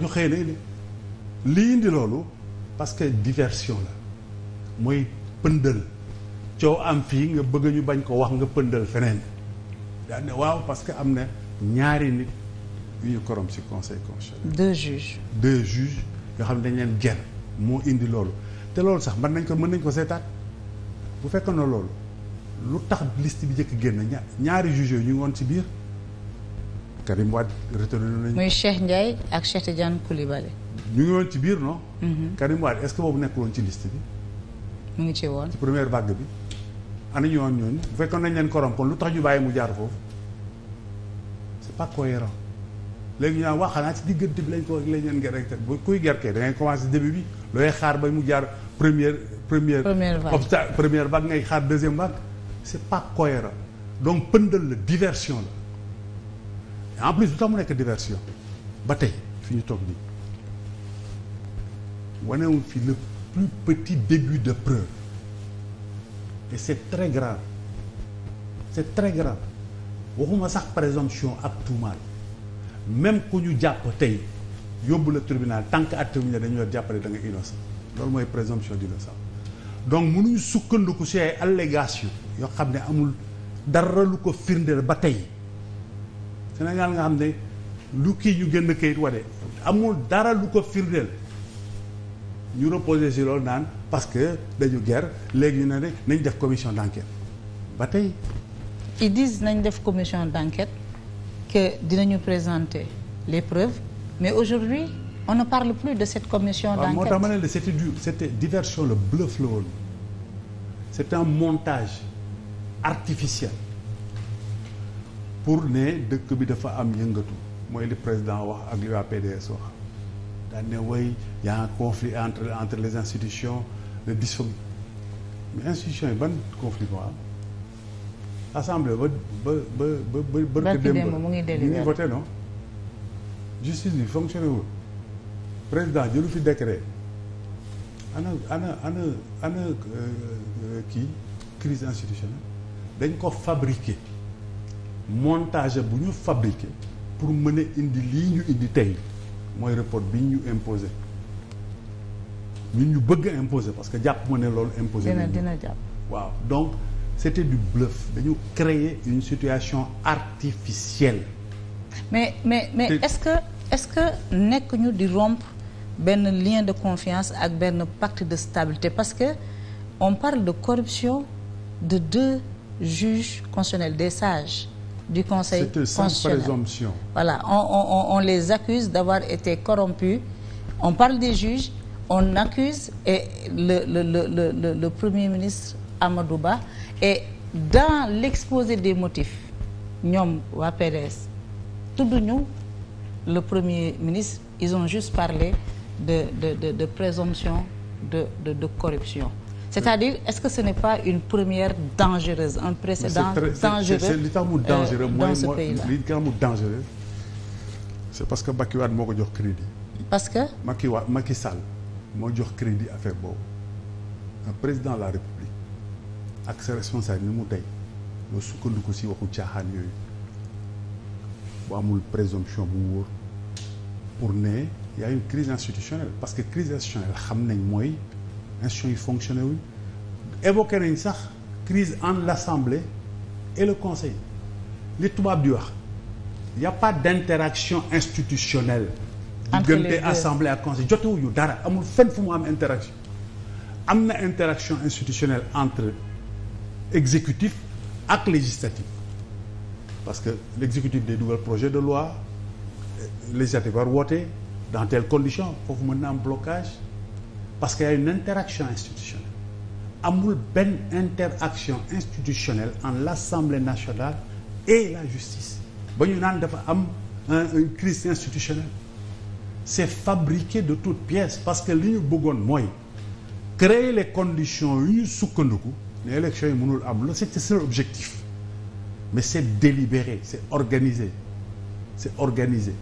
ñu xëy na li indi loolu parce que diversion la mooy pëndal coow am fii nga bëgg ñu bañ ko wax nga pëndal feneen daan waaw parce que am na ñaari nit yu ñu korom ci conseil constitutionnel. deux juges. deux juges yoo xam ne dañ leen ger moo indi loolu te loolu sax mën nañ ko mën nañ ko seetaat bu fekkoon na loolu lu tax liste bi njëkk génn ñaari juges yooyu ñu ngi woon ci biir. Karim Wade retenu nañu. muy Cheikh Ndiaye ak Cheikh Tidiane ngi woon ci biir no mhm. Karim Wade est-ce que boobu nekkul woon ci liste bi. mu ngi ci woon ci première vague bi. ana ñu woon ñooñu bu fekkoon nañ leen korom kon lu tax ñu bàyyi mu jaar foofu c'est pas cohérent léegi ñu waa xanaa ci diggante ko lañ leen gerte rek bu gerte da ngay commencer début bi looy xaar ba mu jaar première. première obstacle première vague ngay xaar deuxième vague. c'est pas cohérent donc pëndal la diversion la. en plus lu tax mu nekk diversion ba tey fi ñu toog nii wanewuñ fi le plus petit début de preuve et c'est très grave c'est très grave waxuma sax présomption ab tuumaal même ku ñu jàpp tey yóbbu la tribunal tant que àtte wuñ dañu la jàppale da nga innocent loolu mooy présomption d'innocence donc mënuñu sukkandiku ci ay allégation yoo xam ne amul dara lu ko firndeel ba tey Sénégal nga xam ne lu kii ñu gën kayit wane amul dara lu ko firndeel ñu reposé si loolu naan parce que dañu guerre léegi ñu ne nañ def commission d'enquête ba tey. ils disent nañ def commission d'enquête que dinañu présenter les preuves mais aujourd'hui on ne parle plus de cette commission d'enquête moo tax ma ne la c'était du c'était diversion le bluff la woon c'est un montage artificiel pour ne dëkk bi dafa am yëngatu mooy li président wax ak li waa PDS wax daan ne way y conflit entre entre les institutions le dysfonction mais institutions yi ban conflit moo am ba ba ba ba bërk démb mu ngi voté non justice bi fonctionné président jëlu fi décret ana ana ana ana euh, euh, kii crise institutionnelle dañ ko fabriqué montage bu ñu fabriqué pour mën a indi lii ñu indi tey mooy report bi ñu imposé ñun ñu bëgg imposé parce que jàpp ma ne loolu imposé dina dina jàpp waaw donc c'était du bluff dañu créer une situation artificielle mais mais mais est-ce que est-ce que nekk ñu di rompre benn lien de confiance ak benn pacte de stabilité parce que on parle de corruption de deux juges constitutionnels des sages du Conseil constitutionnel. présomption. Voilà, on, on, on les accuse d'avoir été corrompus. On parle des juges, on accuse et le, le, le, le, le Premier ministre Amadouba. Et dans l'exposé des motifs, ñoom waa PDS tudduñu le Premier ministre, ils ont juste parlé de, de, de, de présomption de, de, de corruption. c'est-à-dire est-ce que ce pas une première dangereuse un précédent très, dangereux c'est li tax mu dangereux mooy li tax mu dangereux c'est parce que Macky moo ko jox crédit parce que Macky Wade Macky Sall moo jox crédit affaire boobu un président de la République ak sa responsable ni mu tey loo sukkandiku si waxu caaxaan yooyu bu amul présomption bu wóor pour ne y a une crise institutionnelle parce que crise institutionnelle xam nañ mooy institutions yi fonctionné wuñ évoqué nañ sax crise en l'Assemblée et le Conseil li tubaab di wax y a pas d'interaction institutionnelle diggante Assemblée ak Conseil jotewuñu dara amul fenn fu mu am interaction am na interaction institutionnelle entre exécutif ak législatif parce que l'exécutif day dugal projet de loi euh, législatif war woote dans telles conditions foofu mën na am blocage parce qu'il y a une interaction institutionnelle amul benn interaction institutionnelle en l'Assemblée nationale et la justice ba ñu naan dafa am une crise institutionnelle c'est fabriqué de toutes pièces parce que li ñu bëggoon mooy créer les conditions yu ñu sukkandiku ne élection yi mënul am loolu c'était son objectif mais c'est délibéré c'est organisé c'est organisé